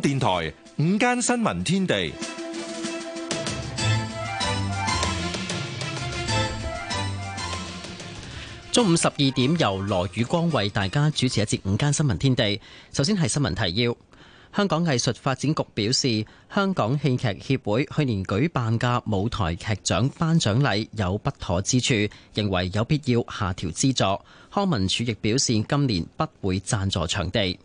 電台午間新聞天地，中午十二點由羅宇光為大家主持一節午間新聞天地。首先係新聞提要：香港藝術發展局表示，香港戲劇協會去年舉辦嘅舞台劇獎頒獎禮有不妥之處，認為有必要下調資助。康文署亦表示，今年不會贊助場地。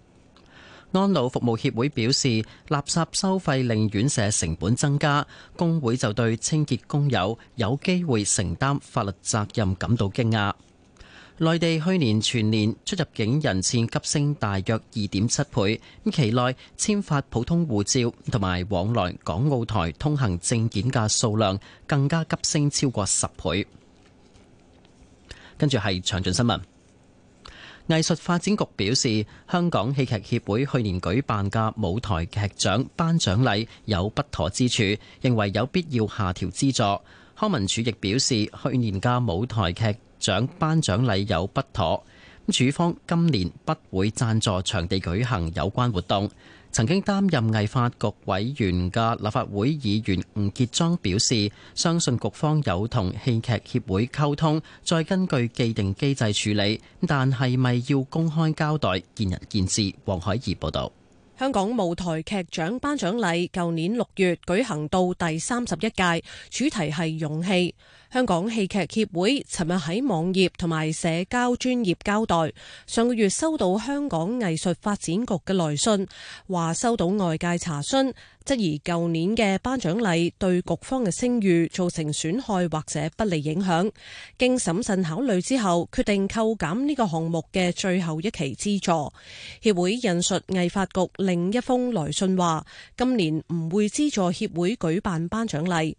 安老服務協會表示，垃圾收費令院舍成本增加，工會就對清潔工友有機會承擔法律責任感到驚訝。內地去年全年出入境人次急升，大約二點七倍。咁期內簽發普通護照同埋往來港澳台通行證件嘅數量更加急升，超過十倍。跟住係詳盡新聞。藝術發展局表示，香港戲劇協會去年舉辦嘅舞台劇獎頒獎禮有不妥之處，認為有必要下調資助。康文署亦表示，去年嘅舞台劇獎頒獎禮有不妥，咁署方今年不會贊助場地舉行有關活動。曾經擔任藝發局委員嘅立法會議員吳傑莊表示，相信局方有同戲劇協會溝通，再根據既定機制處理，但係咪要公開交代，見仁見智。黃海怡報道，香港舞台劇獎頒獎禮舊年六月舉行到第三十一屆，主題係勇氣。香港戲劇協會尋日喺網頁同埋社交專頁交代，上個月收到香港藝術發展局嘅來信，話收到外界查詢，質疑舊年嘅頒獎禮對局方嘅聲譽造成損害或者不利影響。經審慎考慮之後，決定扣減呢個項目嘅最後一期資助。協會引述藝發局另一封來信話，今年唔會資助協會舉辦頒獎禮。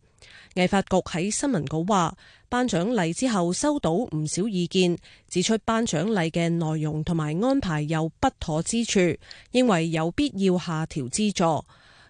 藝發局喺新聞稿話，頒獎禮之後收到唔少意見，指出頒獎禮嘅內容同埋安排有不妥之處，認為有必要下調資助。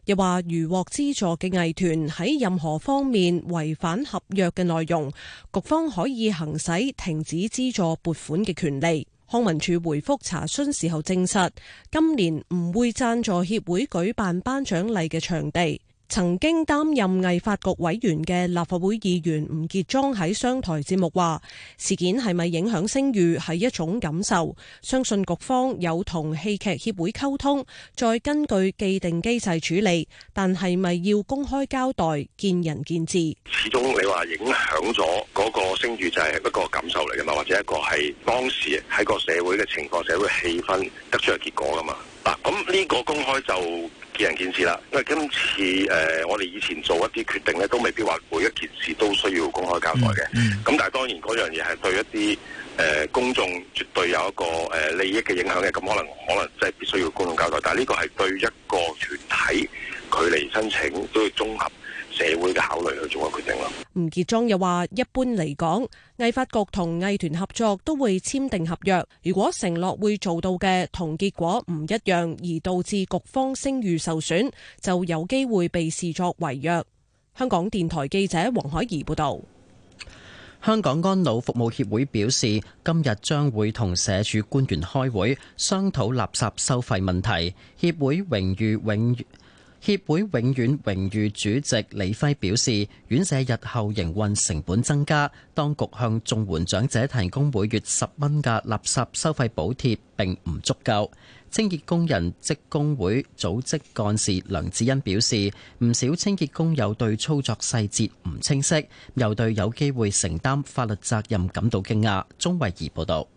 又話，如獲資助嘅藝團喺任何方面違反合約嘅內容，局方可以行使停止資助撥款嘅權利。康文署回覆查詢時候證實，今年唔會贊助協會舉辦頒獎禮嘅場地。曾經擔任藝發局委員嘅立法會議員吳傑莊喺商台節目話：事件係咪影響聲譽係一種感受，相信局方有同戲劇協會溝通，再根據既定機制處理。但係咪要公開交代，見仁見智。始終你話影響咗嗰個聲譽就係一個感受嚟噶嘛，或者一個係當時喺個社會嘅情況、社會氣氛得出嘅結果噶嘛。嗱，咁呢個公開就。見仁見智啦，因為今次誒、呃、我哋以前做一啲決定咧，都未必話每一件事都需要公開交代嘅。咁但係當然嗰樣嘢係對一啲誒、呃、公眾絕對有一個誒、呃、利益嘅影響嘅，咁可能可能即係必須要公眾交代。但係呢個係對一個團體佢嚟申請都要綜合。社會嘅考慮去做決定咯。吳傑莊又話：一般嚟講，藝發局同藝團合作都會簽訂合約。如果承諾會做到嘅同結果唔一樣，而導致局方聲譽受損，就有機會被視作違約。香港電台記者黃海怡報道。香港安老服務協會表示，今日將會同社署官員開會，商討垃,垃圾收費問題。協會榮譽永。協會永遠榮譽主席李輝表示，院舍日後營運成本增加，當局向眾援長者提供每月十蚊嘅垃圾收費補貼，並唔足夠。清潔工人職工會組織幹事梁志恩表示，唔少清潔工友對操作細節唔清晰，又對有機會承擔法律責任感到驚訝。鍾慧儀報道。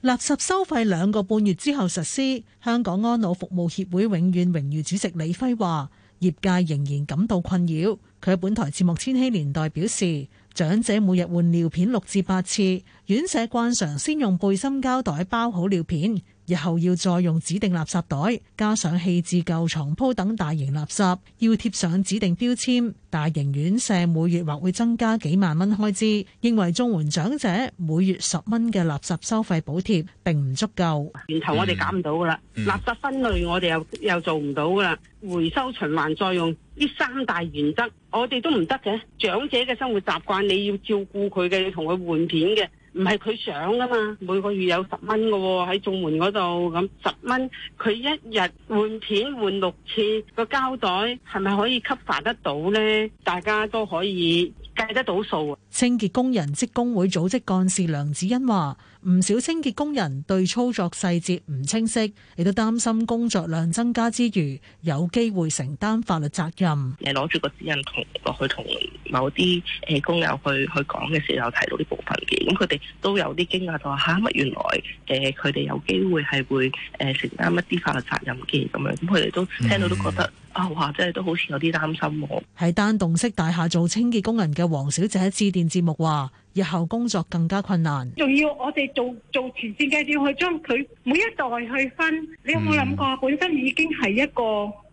垃圾收費兩個半月之後實施，香港安老服務協會永遠榮譽主席李輝話，業界仍然感到困擾。佢喺本台節目《千禧年代》表示，長者每日換尿片六至八次，院舍慣常先用背心膠袋包好尿片。日後要再用指定垃圾袋，加上棄置舊床鋪等大型垃圾，要貼上指定標籤。大型院舍每月或會增加幾萬蚊開支，認為綜援長者每月十蚊嘅垃圾收費補貼並唔足夠。源頭，嗯嗯、我哋搞唔到噶啦，垃圾分類我哋又又做唔到噶啦，回收循環再用呢三大原則我哋都唔得嘅。長者嘅生活習慣，你要照顧佢嘅，同佢換片嘅。唔係佢想啊嘛，每個月有十蚊嘅喎，喺眾門嗰度咁十蚊，佢一日換錢換六次，個膠袋係咪可以吸發得到呢？大家都可以。計得到數。清潔工人職工會組織幹事梁子欣話，唔少清潔工人對操作細節唔清晰，亦都擔心工作量增加之餘，有機會承擔法律責任。誒、嗯，攞住個指引同落去同某啲誒工友去去講嘅時候，提到呢部分嘅，咁佢哋都有啲驚訝，就話吓乜，原來誒佢哋有機會係會誒承擔一啲法律責任嘅，咁樣，咁佢哋都聽到都覺得。啊！即係都好似有啲擔心喎。喺單棟式大廈做清潔工人嘅黃小姐致電節目話：日後工作更加困難。仲要我哋做做前線嘅，要去將佢每一代去分。你有冇諗過？本身已經係一個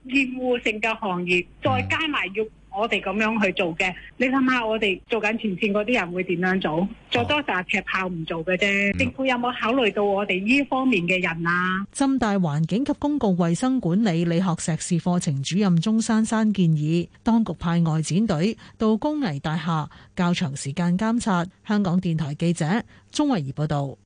厭惡性嘅行業，嗯、再加埋要。我哋咁樣去做嘅，你諗下我哋做緊前線嗰啲人會點樣做？最多就赤炮唔做嘅啫。政府有冇考慮到我哋呢方面嘅人啊？嗯、浸大環境及公共衛生管理理學碩士課程主任鍾珊珊建議，當局派外展隊到高危大廈，較長時間監察。香港電台記者鍾慧儀報道。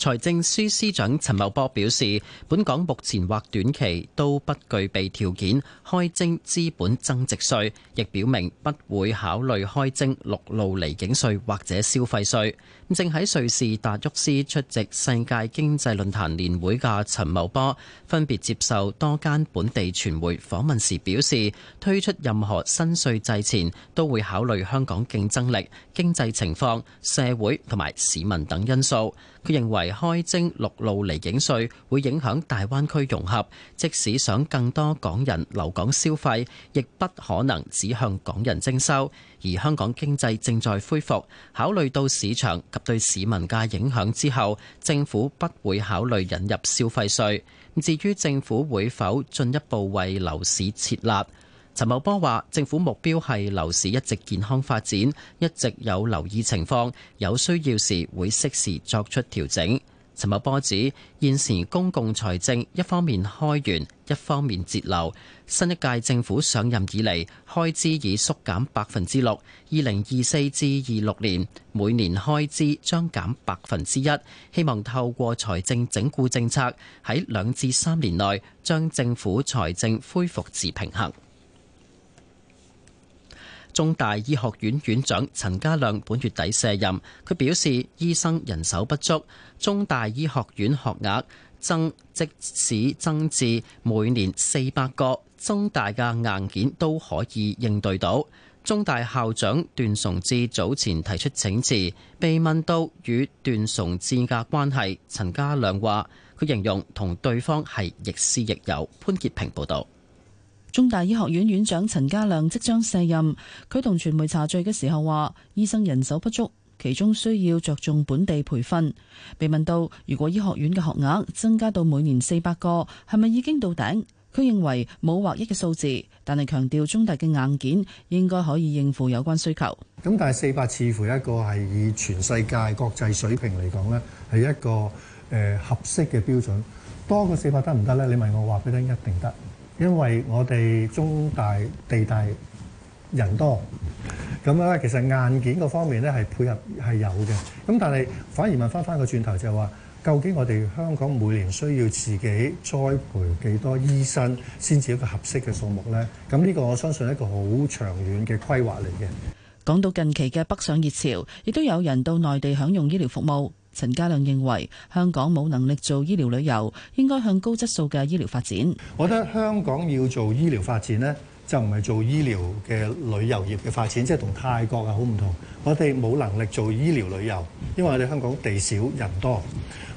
財政司司長陳茂波表示，本港目前或短期都不具備條件開徵資本增值稅，亦表明不會考慮開徵陸路離境稅或者消費稅。正喺瑞士達沃斯出席世界經濟論壇年會嘅陳茂波，分別接受多間本地傳媒訪問時表示，推出任何新稅制前都會考慮香港競爭力、經濟情況、社會同埋市民等因素。佢認為開徵陸路離境稅會影響大灣區融合，即使想更多港人留港消費，亦不可能只向港人徵收。而香港經濟正在恢復，考慮到市場及對市民嘅影響之後，政府不會考慮引入消費稅。至於政府會否進一步為樓市設立？陳茂波話，政府目標係樓市一直健康發展，一直有留意情況，有需要時會適時作出調整。陳茂波指，現時公共財政一方面開源，一方面節流。新一屆政府上任以嚟，開支已縮減百分之六，二零二四至二六年每年開支將減百分之一。希望透過財政整固政策，喺兩至三年內將政府財政恢復至平衡。中大醫學院院長陳家亮本月底卸任，佢表示醫生人手不足，中大醫學院學額增，即使增至每年四百個增大嘅硬件都可以應對到。中大校長段崇智早前提出請辭，被問到與段崇智嘅關係，陳家亮話，佢形容同對方係亦師亦友。潘潔平報道。中大醫學院院長陳家亮即將卸任，佢同傳媒茶聚嘅時候話：醫生人手不足，其中需要着重本地培訓。被問到如果醫學院嘅學額增加到每年四百個，係咪已經到頂？佢認為冇劃一嘅數字，但係強調中大嘅硬件應該可以應付有關需求。咁但係四百似乎一個係以全世界國際水平嚟講咧，係一個誒、呃、合適嘅標準。多過四百得唔得咧？你問我話俾你聽，一定得。因為我哋中大地大人多，咁咧其實硬件嗰方面呢係配合係有嘅。咁但係反而問翻翻個轉頭就係話，究竟我哋香港每年需要自己栽培幾多醫生，先至一個合適嘅數目呢？咁呢個我相信一個好長遠嘅規劃嚟嘅。講到近期嘅北上熱潮，亦都有人到內地享用醫療服務。陳家亮認為，香港冇能力做醫療旅遊，應該向高質素嘅醫療發展。我覺得，香港要做醫療發展呢，就唔係做醫療嘅旅遊業嘅發展，即係同泰國呀好唔同。我哋冇能力做醫療旅遊，因為我哋香港地少人多。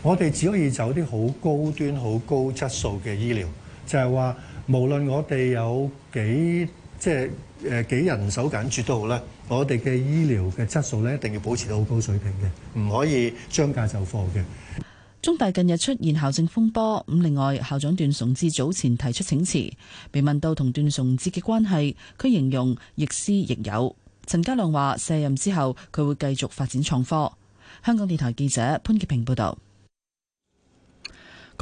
我哋只可以走啲好高端、好高質素嘅醫療，就係話，無論我哋有幾，即係，幾人手緊絀都好啦，我哋嘅醫療嘅質素咧，一定要保持到好高水平嘅，唔可以將價就貨嘅。中大近日出現校政風波，咁另外校長段崇智早前提出請辭，被問到同段崇智嘅關係，佢形容亦師亦友。陳家亮話卸任之後，佢會繼續發展創科。香港電台記者潘潔平報導。.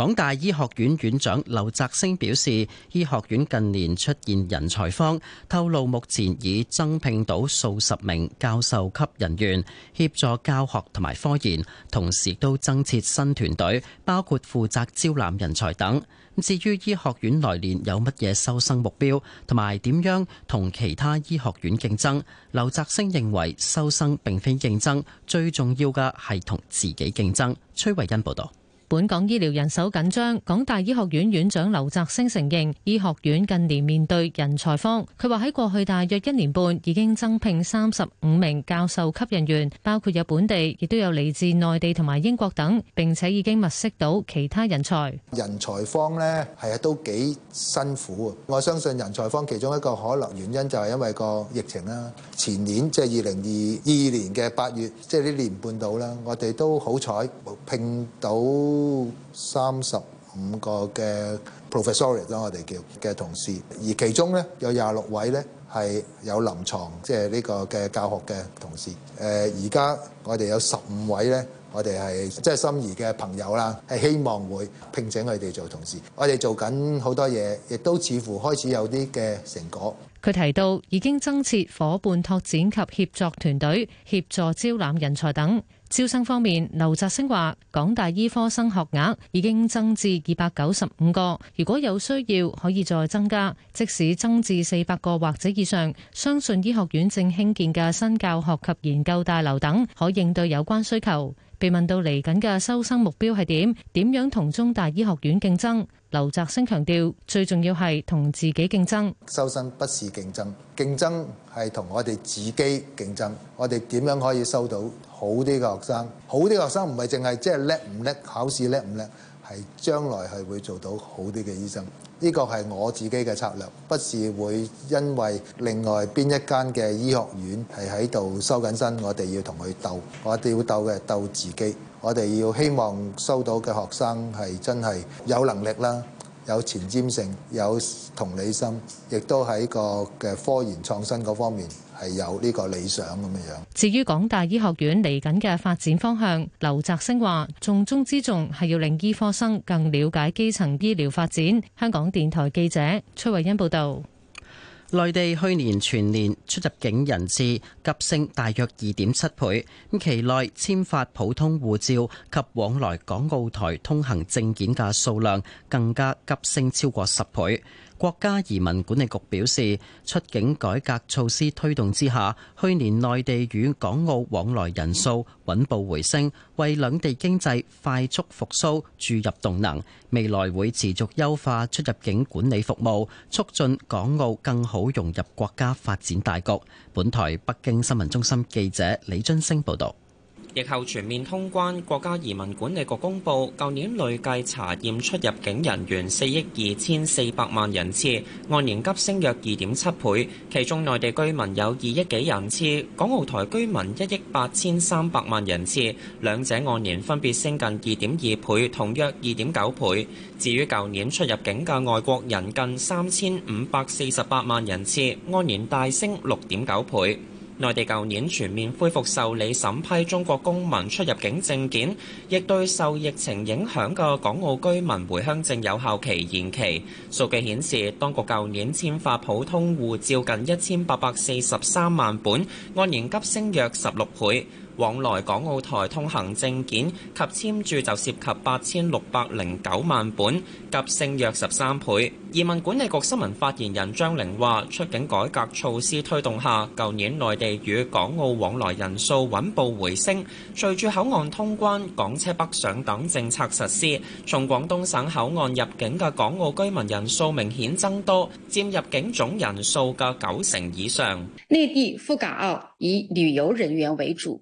港大醫學院院長劉澤星表示，醫學院近年出現人才荒，透露目前已增聘到數十名教授級人員協助教學同埋科研，同時都增設新團隊，包括負責招攬人才等。至於醫學院來年有乜嘢收生目標同埋點樣同其他醫學院競爭，劉澤星認為收生並非競爭，最重要嘅係同自己競爭，崔慧欣報道。本港醫療人手緊張，港大醫學院院長留着星星硬，醫學院近年面對人才方，他說在過去大約一年半已經增平三十五名教授及人員，包括日本地也有來自內地和英國等，並且已經密室到其他人才。人才方呢，是都幾辛苦。我相信人才方其中一個可憐原因就是因為疫情,前年就是二零二二年的八月,就是這年半到了,我地都好彩,都三十五個嘅 professor 啦，我哋叫嘅同事，而其中呢，有廿六位呢係有臨床，即係呢個嘅教學嘅同事。誒，而家我哋有十五位呢，我哋係即係心儀嘅朋友啦，係希望會聘請佢哋做同事。我哋做緊好多嘢，亦都似乎開始有啲嘅成果。佢提到已經增設夥伴拓展及協作團隊，協助招攬人才等。招生方面，劉澤星話，港大醫科生學額已經增至二百九十五個，如果有需要可以再增加，即使增至四百個或者以上，相信醫學院正興建嘅新教學及研究大樓等可應對有關需求。被問到嚟緊嘅收生目標係點？點樣同中大醫學院競爭？劉澤生強調，最重要係同自己競爭。收生不是競爭，競爭係同我哋自己競爭。我哋點樣可以收到好啲嘅學生？好啲學生唔係淨係即係叻唔叻，考試叻唔叻，係將來係會做到好啲嘅醫生。呢個係我自己嘅策略，不是會因為另外邊一間嘅醫學院係喺度收緊生，我哋要同佢鬥，我哋要鬥嘅鬥自己，我哋要希望收到嘅學生係真係有能力啦。有前瞻性，有同理心，亦都喺個嘅科研創新嗰方面係有呢個理想咁樣樣。至於港大醫學院嚟緊嘅發展方向，劉澤星話重中之重係要令醫科生更了解基層醫療發展。香港電台記者崔慧欣報道。內地去年全年出入境人次急升大約二點七倍，咁期內簽發普通護照及往來港澳台通行證件嘅數量更加急升超過十倍。國家移民管理局表示，出境改革措施推動之下，去年內地與港澳往來人數穩步回升，為兩地經濟快速復蘇注入動能。未來會持續優化出入境管理服務，促進港澳更好融入國家發展大局。本台北京新聞中心記者李津升報道。疫後全面通關，國家移民管理局公布，舊年累計查驗出入境人員四億二千四百萬人次，按年急升約二點七倍。其中內地居民有二億幾人次，港澳台居民一億八千三百萬人次，兩者按年分別升近二點二倍同約二點九倍。至於舊年出入境嘅外國人近三千五百四十八萬人次，按年大升六點九倍。內地舊年全面恢復受理審批中國公民出入境證件，亦對受疫情影響嘅港澳居民回鄉證有效期延期。數據顯示，當局舊年簽發普通護照近一千八百四十三萬本，按年急升約十六倍。往來港澳台通行證件及簽注就涉及八千六百零九萬本，急升約十三倍。移民管理局新聞發言人張玲話：出境改革措施推動下，舊年內地與港澳往來人數穩步回升。隨住口岸通關、港車北上等政策實施，從廣東省口岸入境嘅港澳居民人數明顯增多，佔入境總人數嘅九成以上。內地赴港澳以旅遊人員為主。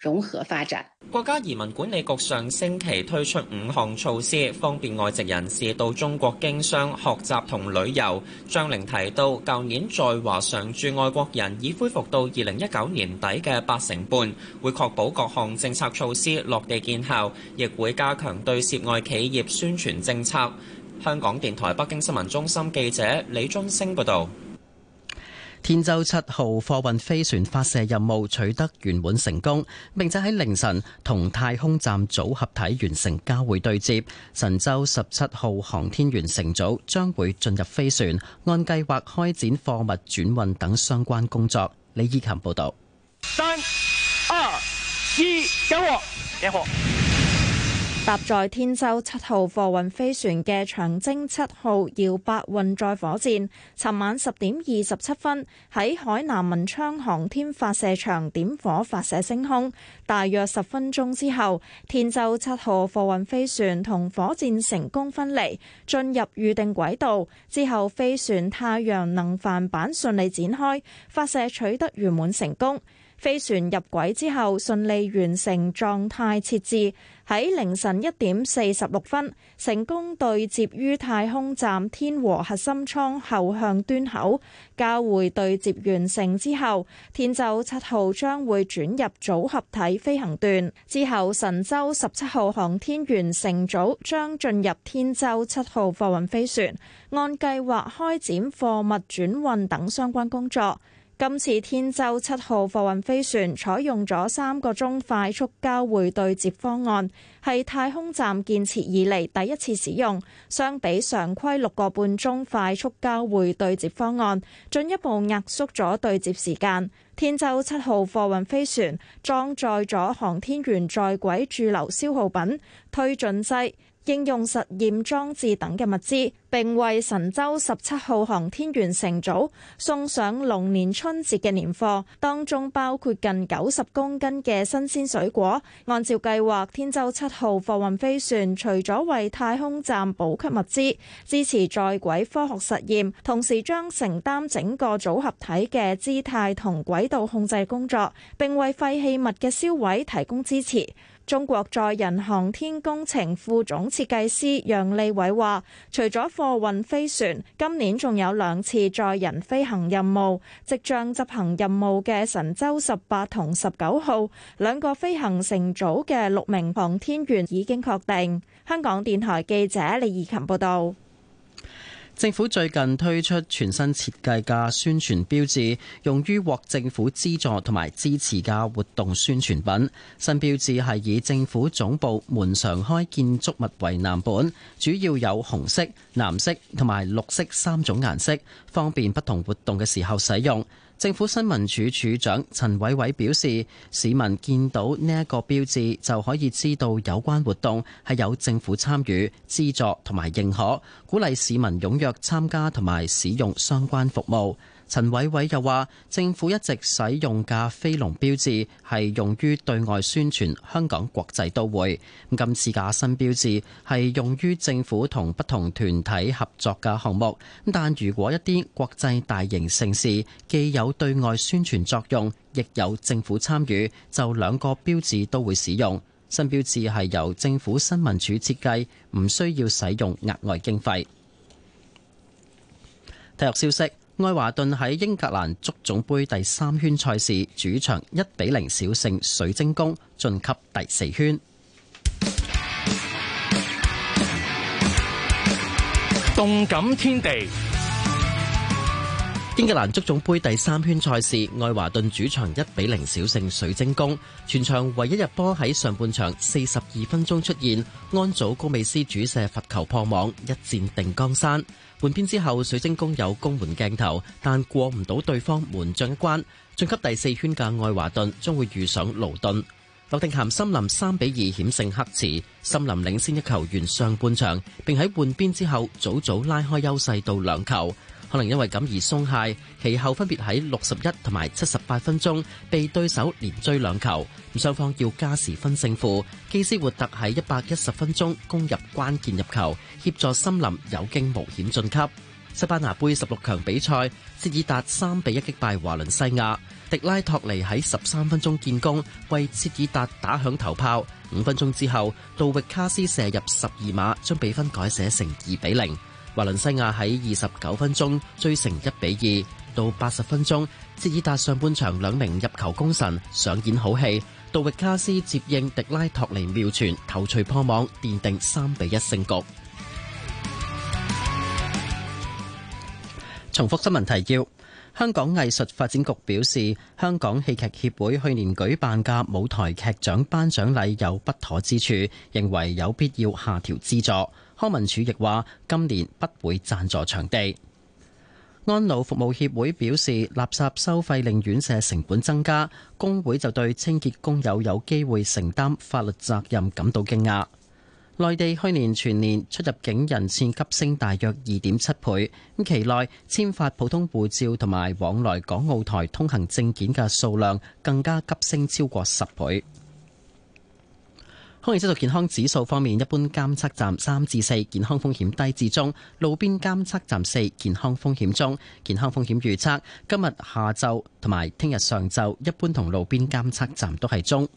融合發展。國家移民管理局上星期推出五項措施，方便外籍人士到中國經商、學習同旅遊。張玲提到，舊年在華常駐外國人已恢復到二零一九年底嘅八成半，會確保各項政策措施落地見效，亦會加強對涉外企業宣傳政策。香港電台北京新聞中心記者李津升報道。天舟七號貨運飛船發射任務取得圓滿成功，並且喺凌晨同太空站組合體完成交會對接。神舟十七號航天員乘組將會進入飛船，按計劃開展貨物轉運等相關工作。李依琴報道。三、二、一，點火！點火！搭載天舟七號貨運飛船嘅長征七號遙八運載火箭，尋晚十點二十七分喺海南文昌航天發射場點火發射升空。大約十分鐘之後，天舟七號貨運飛船同火箭成功分離，進入預定軌道。之後，飛船太陽能帆板順利展開，發射取得圓滿成功。飛船入軌之後，順利完成狀態設置，喺凌晨一點四十六分成功對接於太空站天和核心艙後向端口。交會對接完成之後，天舟七號將會轉入組合體飛行段。之後，神舟十七號航天員乘組將進入天舟七號貨運飛船，按計劃開展貨物轉運等相關工作。今次天舟七號貨運飛船採用咗三個鐘快速交匯對接方案，係太空站建設以嚟第一次使用。相比常規六個半鐘快速交匯對接方案，進一步壓縮咗對接時間。天舟七號貨運飛船裝載咗航天員在軌駐留消耗品、推進劑、應用實驗裝置等嘅物資，並為神舟十七號航天員乘組送上龍年春節嘅年貨，當中包括近九十公斤嘅新鮮水果。按照計劃，天舟七號貨運飛船除咗為太空站補給物資、支持在軌科學實驗，同時將承擔整個組合體嘅姿態同軌道控制工作，並為廢棄物嘅銷毀提供支持。中國載人航天工程副總設計師楊利偉話，除咗貨運飛船，今年仲有兩次載人飛行任務，即將執行任務嘅神舟十八同十九號兩個飛行乘組嘅六名航天員已經確定。香港電台記者李怡琴報道。政府最近推出全新設計嘅宣傳標誌，用於獲政府資助同埋支持嘅活動宣傳品。新標誌係以政府總部門常開建築物為藍本，主要有紅色、藍色同埋綠色三種顏色，方便不同活動嘅時候使用。政府新聞處處長陳偉偉表示，市民見到呢一個標誌就可以知道有關活動係有政府參與、資助同埋認可，鼓勵市民踴躍參加同埋使用相關服務。陳偉偉又話：政府一直使用嘅飛龍標誌係用於對外宣傳香港國際都會。今次嘅新標誌係用於政府同不同團體合作嘅項目。但如果一啲國際大型城市既有對外宣傳作用，亦有政府參與，就兩個標誌都會使用。新標誌係由政府新聞處設計，唔需要使用額外經費。體育消息。愛華頓喺英格蘭足總盃第三圈賽事，主場一比零小勝水晶宮，晉級第四圈。動感天地。英格蘭足總杯第三圈賽事，愛華頓主場一比零小勝水晶宮，全場唯一入波喺上半場四十二分鐘出現，安祖高美斯主射罰球破網，一戰定江山。換邊之後，水晶宮有攻門鏡頭，但過唔到對方門將一關。晉級第四圈嘅愛華頓將會遇上勞頓。諾丁漢森林三比二險勝黑池，森林領先一球完上半場，並喺換邊之後早早拉開優勢到兩球。可能因為咁而鬆懈，其後分別喺六十一同埋七十八分鐘被對手連追兩球，咁雙方要加時分勝負。基斯活特喺一百一十分鐘攻入關鍵入球，協助森林有驚無險晉級。西班牙杯十六強比賽，切爾達三比一擊敗華倫西亞，迪拉托尼喺十三分鐘建功，為切爾達打響頭炮。五分鐘之後，杜域卡斯射入十二碼，將比分改寫成二比零。華倫西亞喺二十九分鐘追成一比二，到八十分鐘，哲爾達上半場兩名入球功臣上演好戲，杜域卡斯接應迪拉托尼妙傳頭錘破網，奠定三比一勝局。重複新聞提要：香港藝術發展局表示，香港戲劇協會去年舉辦嘅舞台劇獎頒獎禮有不妥之處，認為有必要下調資助。康文署亦話今年不會贊助場地。安老服務協會表示，垃圾收費令院舍成本增加，工會就對清潔工友有機會承擔法律責任感到驚訝。內地去年全年出入境人次急升，大約二點七倍。咁期內簽發普通護照同埋往來港澳台通行證件嘅數量更加急升，超過十倍。空氣質素健康指數方面，一般監測站三至四，健康風險低至中；路邊監測站四，健康風險中。健康風險預測：今日下晝同埋聽日上晝，一般同路邊監測站都係中。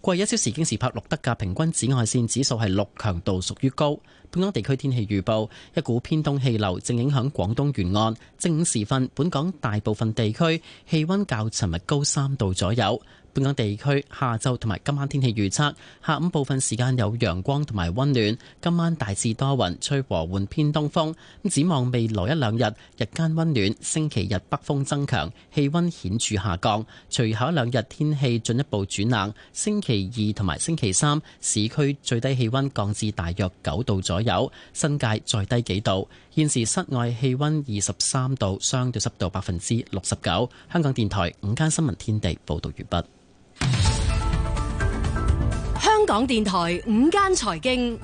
過去一小時京士柏錄得嘅平均紫外線指數係六，強度屬於高。本港地區天氣預報：一股偏東氣流正影響廣東沿岸。正午時分，本港大部分地區氣溫較尋日高三度左右。本港地區下晝同埋今晚天氣預測，下午部分時間有陽光同埋温暖，今晚大致多雲吹和緩偏東風，咁，展望未來一兩日，日間温暖，星期日北風增強，氣温顯著下降。隨後一兩日天氣進一步轉冷，星期二同埋星期三市區最低氣温降至大約九度左右，新界再低幾度。現時室外氣温二十三度，相對濕度百分之六十九。香港電台午間新聞天地報道完畢。香港電台午間財經，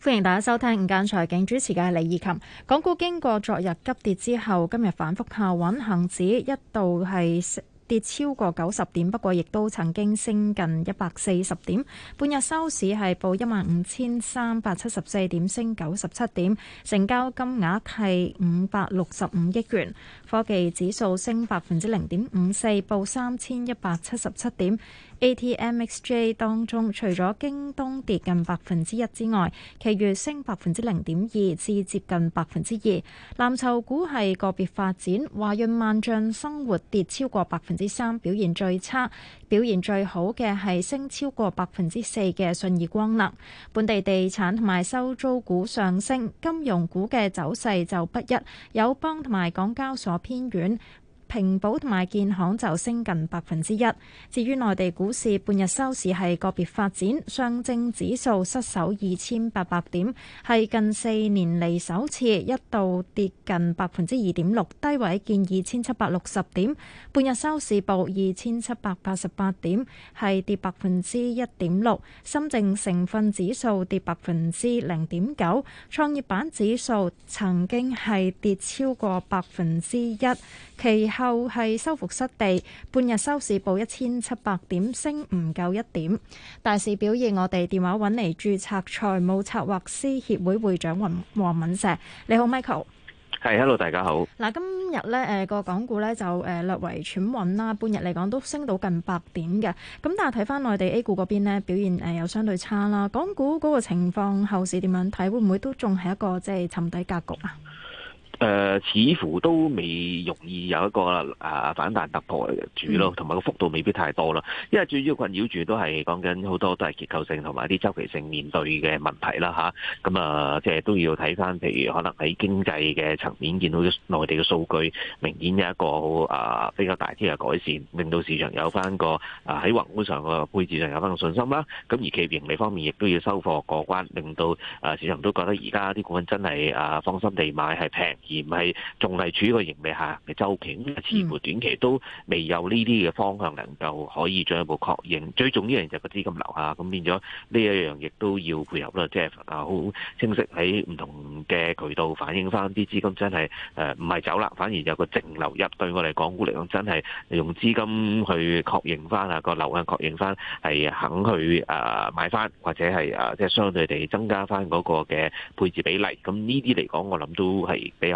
歡迎大家收聽午間財經，主持嘅李怡琴。港股經過昨日急跌之後，今日反復下穩，恒指一度係跌超過九十點，不過亦都曾經升近一百四十點。半日收市係報一萬五千三百七十四點，升九十七點，成交金額係五百六十五億元。科技指數升百分之零點五四，報三千一百七十七點。A T M X J 當中，除咗京東跌近百分之一之外，其餘升百分之零點二至接近百分之二。藍籌股係個別發展，華潤萬象生活跌超過百分之三，表現最差。表現最好嘅係升超過百分之四嘅信義光能。本地地產同埋收租股上升，金融股嘅走勢就不一，友邦同埋港交所偏軟。平保同埋建行就升近百分之一。至於內地股市，半日收市係個別發展，上證指數失守二千八百點，係近四年嚟首次，一度跌近百分之二點六，低位見二千七百六十點。半日收市報二千七百八十八點，係跌百分之一點六。深證成分指數跌百分之零點九，創業板指數曾經係跌超過百分之一。其後係收復失地，半日收市報一千七百點，升唔夠一點。大市表現，我哋電話揾嚟註冊財務策劃劃師協會會長黃黃敏碩，你好 Michael。係，hello 大家好。嗱，今日咧誒個港股呢就誒、呃、略為喘穩啦，半日嚟講都升到近百點嘅。咁但係睇翻內地 A 股嗰邊咧表現誒又相對差啦。港股嗰個情況後市點樣睇？會唔會都仲係一個即係沉底格局啊？誒、呃，似乎都未容易有一個誒、啊、反彈突破嚟住咯，同埋個幅度未必太多啦。因為最主要困擾住都係講緊好多都係結構性同埋一啲週期性面對嘅問題啦，吓咁啊，即、啊、係、就是、都要睇翻，譬如可能喺經濟嘅層面見到內地嘅數據，明顯有一個誒、啊、比較大啲嘅改善，令到市場有翻個誒喺宏觀上個配置上有翻個信心啦。咁、啊、而企業盈利方面亦都要收貨過關，令到誒、啊、市場都覺得而家啲股份真係誒、啊、放心地買，係平。而唔係仲係處於一個盈利下嘅週期，咁似乎短期都未有呢啲嘅方向能夠可以進一步確認。最重要一樣就係個資金流啊，咁變咗呢一樣亦都要配合啦，即係啊，好清晰喺唔同嘅渠道反映翻啲資金真係誒唔係走啦，反而有個淨流入，對我哋港股嚟講真係用資金去確認翻啊，個流向確認翻係肯去誒買翻，或者係誒即係相對地增加翻嗰個嘅配置比例。咁呢啲嚟講，我諗都係比較。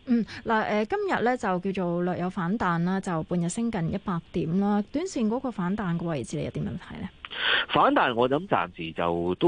嗱，誒、嗯，今日咧就叫做略有反彈啦，就半日升近一百點啦。短線嗰個反彈嘅位置你有啲問題咧？反彈我諗暫時就都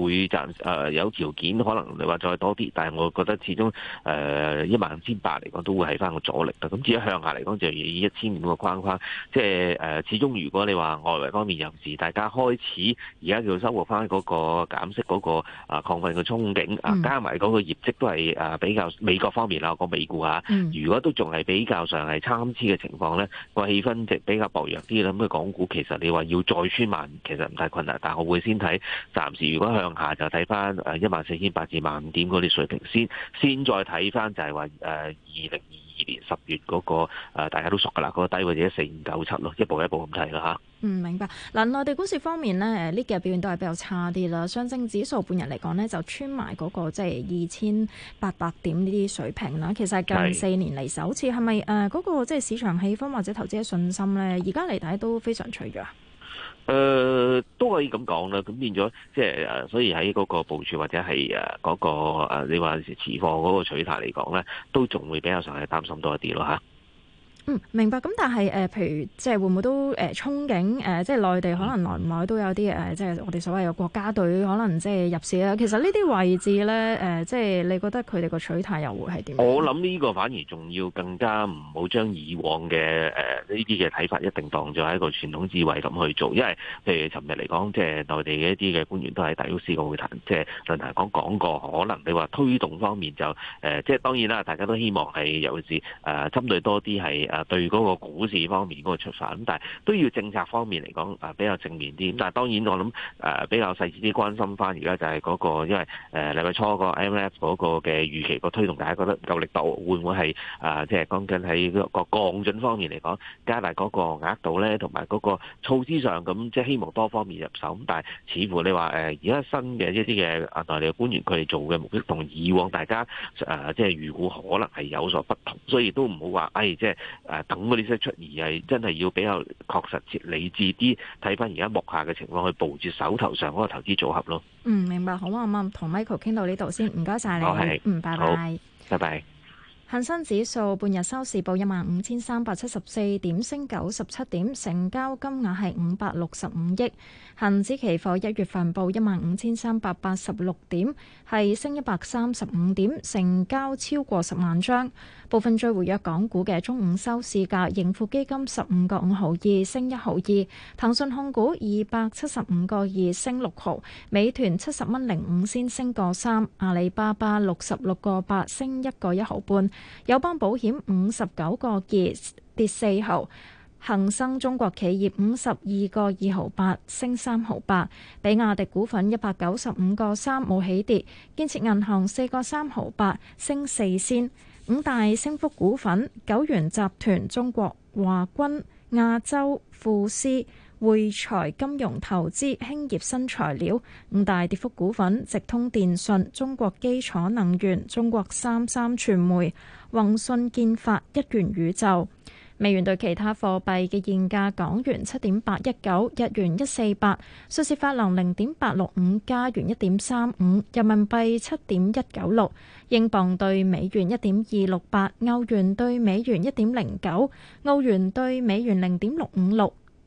會暫誒、呃、有條件，可能你話再多啲，但係我覺得始終誒一萬五千八嚟講都會係翻個阻力。咁至於向下嚟講就以一千五個框框，即係誒、呃、始終如果你話外圍方面有事，大家開始而家叫收復翻嗰個減息嗰個啊亢奮嘅憧憬啊，加埋嗰個業績都係誒比較美國方面啊美股嚇，嗯、如果都仲係比較上係參差嘅情況咧，個氣氛值比較薄弱啲啦。咁嘅港股其實你話要再穿萬，其實唔太困難，但我會先睇，暫時如果向下就睇翻誒一萬四千八至萬五點嗰啲水平先，先再睇翻就係話誒二零二。二年十月嗰個大家都熟㗎啦，嗰個低位就四五九七咯，一步一步咁睇啦吓，嗯，明白。嗱，內地股市方面咧，誒呢幾日表現都係比較差啲啦。上證指數半日嚟講咧，就穿埋嗰個即係二千八百點呢啲水平啦。其實近四年嚟首次，係咪誒嗰個即係市場氣氛或者投資嘅信心咧，而家嚟睇都非常脆弱。誒、呃、都可以咁講啦，咁變咗即係誒，所以喺嗰個部署或者係誒嗰個誒，你話持貨嗰個取態嚟講咧，都仲會比較上係擔心多一啲咯嚇。嗯、明白。咁但係誒、呃，譬如即係會唔會都誒憧憬誒、呃，即係內地可能來唔來都有啲誒、呃，即係我哋所謂嘅國家隊可能即係入市咧。其實呢啲位置咧誒、呃，即係你覺得佢哋個取態又會係點？我諗呢個反而仲要更加唔好將以往嘅誒呢啲嘅睇法一定當作係一個傳統智慧咁去做，因為譬如尋日嚟講，即係內地嘅一啲嘅官員都喺大都市個會談即係論壇講講過，可能你話推動方面就誒、呃，即係當然啦，大家都希望係有時誒針、呃、對多啲係。啊啊，對嗰個股市方面嗰個出發，咁但係都要政策方面嚟講啊，比較正面啲。咁但係當然我諗誒比較細緻啲關心翻，而家就係嗰、那個，因為誒禮拜初個 MF 嗰個嘅預期個推動，大家覺得夠力度會唔會係啊？即係講緊喺個降準方面嚟講，加大嗰個額度咧，同埋嗰個措施上咁，即、就、係、是、希望多方面入手。咁但係似乎你話誒，而家新嘅一啲嘅啊內地嘅官員佢哋做嘅目標同以往大家誒、呃、即係預估可能係有所不同，所以都唔好話誒，即、哎、係。就是誒等嗰啲嘢出而係真係要比較確實、理智啲睇翻而家目下嘅情況，去佈置手頭上嗰個投資組合咯。嗯，明白。好、啊，咁我唔同 Michael 傾到呢度先，唔該晒，你。好、哦，係。嗯，拜拜。拜拜。恒生指數半日收市報一萬五千三百七十四點，升九十七點，成交金額係五百六十五億。恒指期貨一月份報一萬五千三百八十六點，係升一百三十五點，成交超過十萬張。部分最活躍港股嘅中午收市價，盈富基金十五個五毫二，升一毫二；騰訊控股二百七十五個二，升六毫；美團七十蚊零五先升個三；阿里巴巴六十六個八，升一個一毫半。友邦保險五十九個二，跌四毫，恒生中國企業五十二個二毫八，升三毫八，比亞迪股份一百九十五個三，冇起跌，建設銀行四個三毫八，升四仙，五大升幅股份：九元集團、中國華軍、亞洲富斯。匯財金融投資、興業新材料。五大跌幅股份，直通電訊、中國基礎能源、中國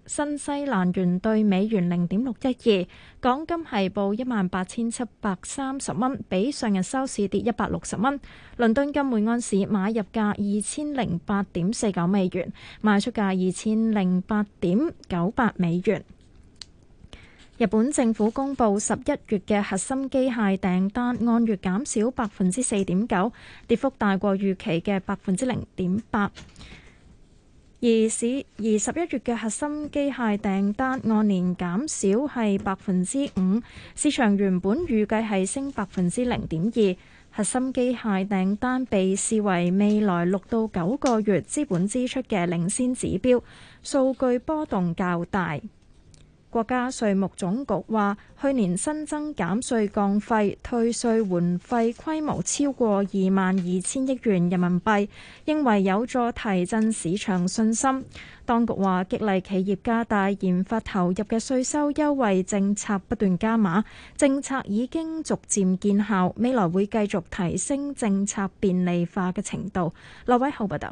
新西蘭元兌美元零點六一二，港金係報一萬八千七百三十蚊，比上日收市跌一百六十蚊。倫敦金每安士買入價二千零八點四九美元，賣出價二千零八點九八美元。日本政府公布十一月嘅核心機械訂單按月減少百分之四點九，跌幅大過預期嘅百分之零點八。而市而十一月嘅核心機械訂單按年減少係百分之五，市場原本預計係升百分之零點二。核心機械訂單被視為未來六到九個月資本支出嘅領先指標，數據波動較大。國家稅務總局話，去年新增減稅降費、退稅緩費規模超過二萬二千億元人民幣，認為有助提振市場信心。當局話，激勵企業加大研發投入嘅稅收優惠政策不斷加碼，政策已經逐漸見效，未來會繼續提升政策便利化嘅程度。劉偉報。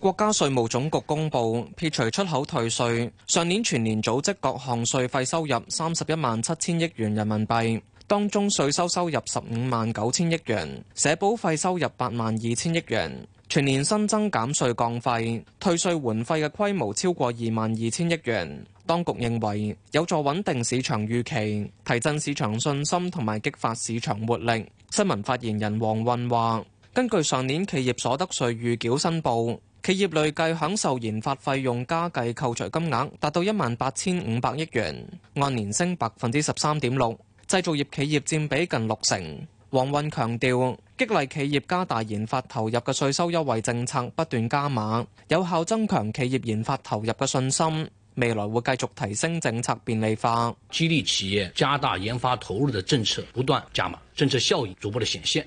國家稅務總局公布撇除出口退稅，上年全年組織各項稅費收入三十一萬七千億元人民幣，當中稅收收入十五萬九千億元，社保費收入八萬二千億元。全年新增減稅降費、退稅緩費嘅規模超過二萬二千億元。當局認為有助穩定市場預期，提振市場信心，同埋激發市場活力。新聞發言人黃運話，根據上年企業所得稅預繳申報。企業累計享受研發費用加計扣除金額達到一萬八千五百億元，按年升百分之十三點六。製造業企業占比近六成。王韻強調，激勵企業加大研發投入嘅稅收優惠政策不斷加碼，有效增強企業研發投入嘅信心。未來會繼續提升政策便利化，激勵企業加大研發投入嘅政策不斷加碼，政策效益逐步的顯現。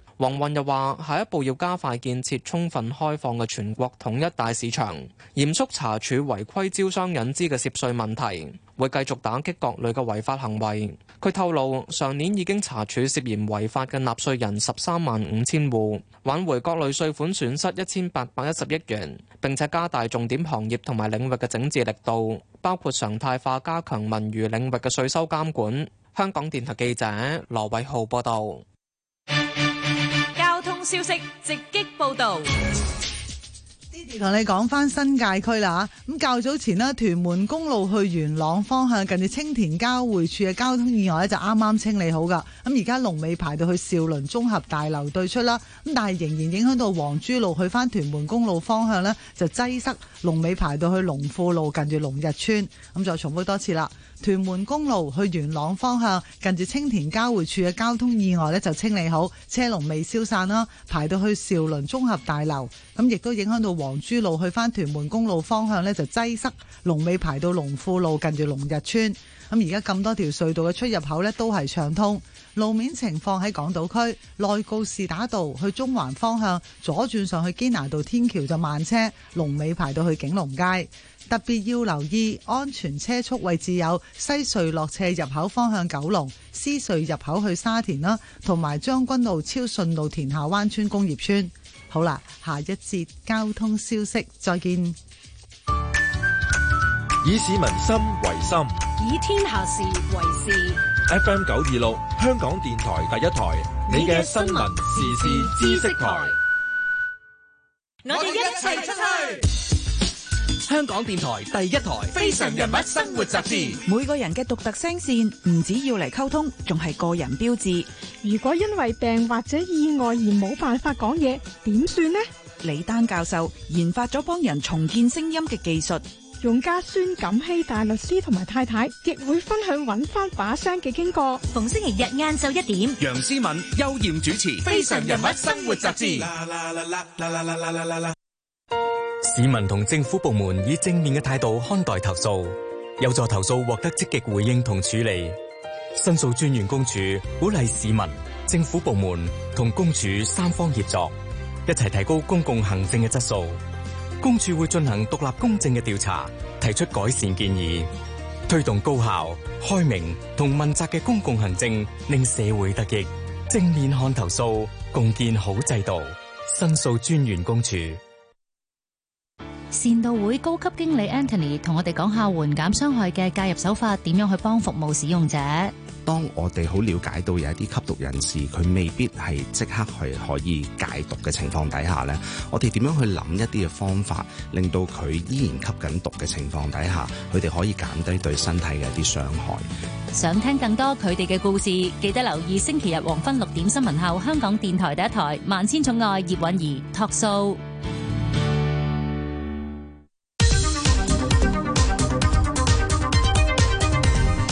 王雲又話下一步要加快建設充分開放嘅全國統一大市場，嚴肅查處違規招商引資嘅涉稅問題，會繼續打擊各類嘅違法行為。佢透露，上年已經查處涉嫌違法嘅納稅人十三萬五千戶，挽回各類稅款損失一千八百一十億元，並且加大重點行業同埋領域嘅整治力度，包括常態化加強文娛領域嘅稅收監管。香港電台記者羅偉浩報道。消息直擊報道，同你講翻新界區啦吓。咁較早前咧，屯門公路去元朗方向近住青田交匯處嘅交通意外咧，就啱啱清理好噶。咁而家龍尾排到去兆麟綜合大樓對出啦。咁但係仍然影響到黃珠路去翻屯門公路方向呢，就擠塞，龍尾排到去龍富路近住龍日村。咁再重複多次啦。屯門公路去元朗方向，近住青田交匯處嘅交通意外呢就清理好，車龍未消散啦，排到去兆麟綜合大樓，咁亦都影響到黃珠路去翻屯門公路方向呢就擠塞，龍尾排到龍富路近住龍日村，咁而家咁多條隧道嘅出入口呢都係暢通。路面情況喺港島區內，告士打道去中環方向左轉上去堅拿道天橋就慢車，龍尾排到去景隆街。特別要留意安全車速位置有西隧落斜入口方向九龍、獅隧入口去沙田啦，同埋將軍澳、超順道、田下灣村工業村。好啦，下一節交通消息，再見。以市民心為心，以天下事為事。FM 九二六，香港電台第一台，你嘅新聞時事知識台。我哋一齊出去！香港電台第一台，非常人物生活雜誌。每個人嘅獨特聲線，唔止要嚟溝通，仲係個人標誌。如果因為病或者意外而冇辦法講嘢，點算呢？李丹教授研發咗幫人重建聲音嘅技術。用家孫錦熙大律師同埋太太亦會分享揾翻把聲嘅經過。逢星期日晏晝一點，楊思敏、邱艷主持《非常人物生活雜誌》。市民同政府部門以正面嘅態度看待投訴，有助投訴獲得積極回應同處理。申訴專員公署鼓勵市民、政府部門同公署三方協作，一齊提高公共行政嘅質素。公署會進行獨立公正嘅調查，提出改善建議，推動高效、開明同問責嘅公共行政，令社會得益。正面看投訴，共建好制度。申訴專員公署。善導會高級經理 Anthony 同我哋講下緩減傷害嘅介入手法，點樣去幫服務使用者。當我哋好了解到有一啲吸毒人士，佢未必係即刻係可以解毒嘅情況底下呢，我哋點樣去諗一啲嘅方法，令到佢依然吸緊毒嘅情況底下，佢哋可以減低對身體嘅一啲傷害。想聽更多佢哋嘅故事，記得留意星期日黃昏六點新聞後，香港電台第一台《萬千寵愛》葉韻儀託數。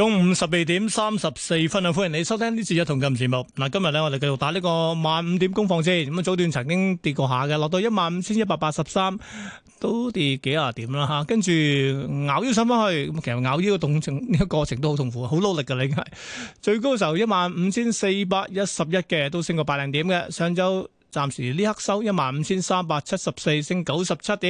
中午十二點三十四分啊，歡迎你收聽呢次日同金節目。嗱，今日咧我哋繼續打呢個萬五點攻防戰。咁啊，早段曾經跌過下嘅，落到一萬五千一百八十三，都跌幾啊點啦吓。跟住咬腰上返去，咁其實咬腰嘅動作呢個過程都好痛苦，好努力噶你。最高嘅時候一萬五千四百一十一嘅，都升過百零點嘅。上周暫時呢刻收一萬五千三百七十四，升九十七點。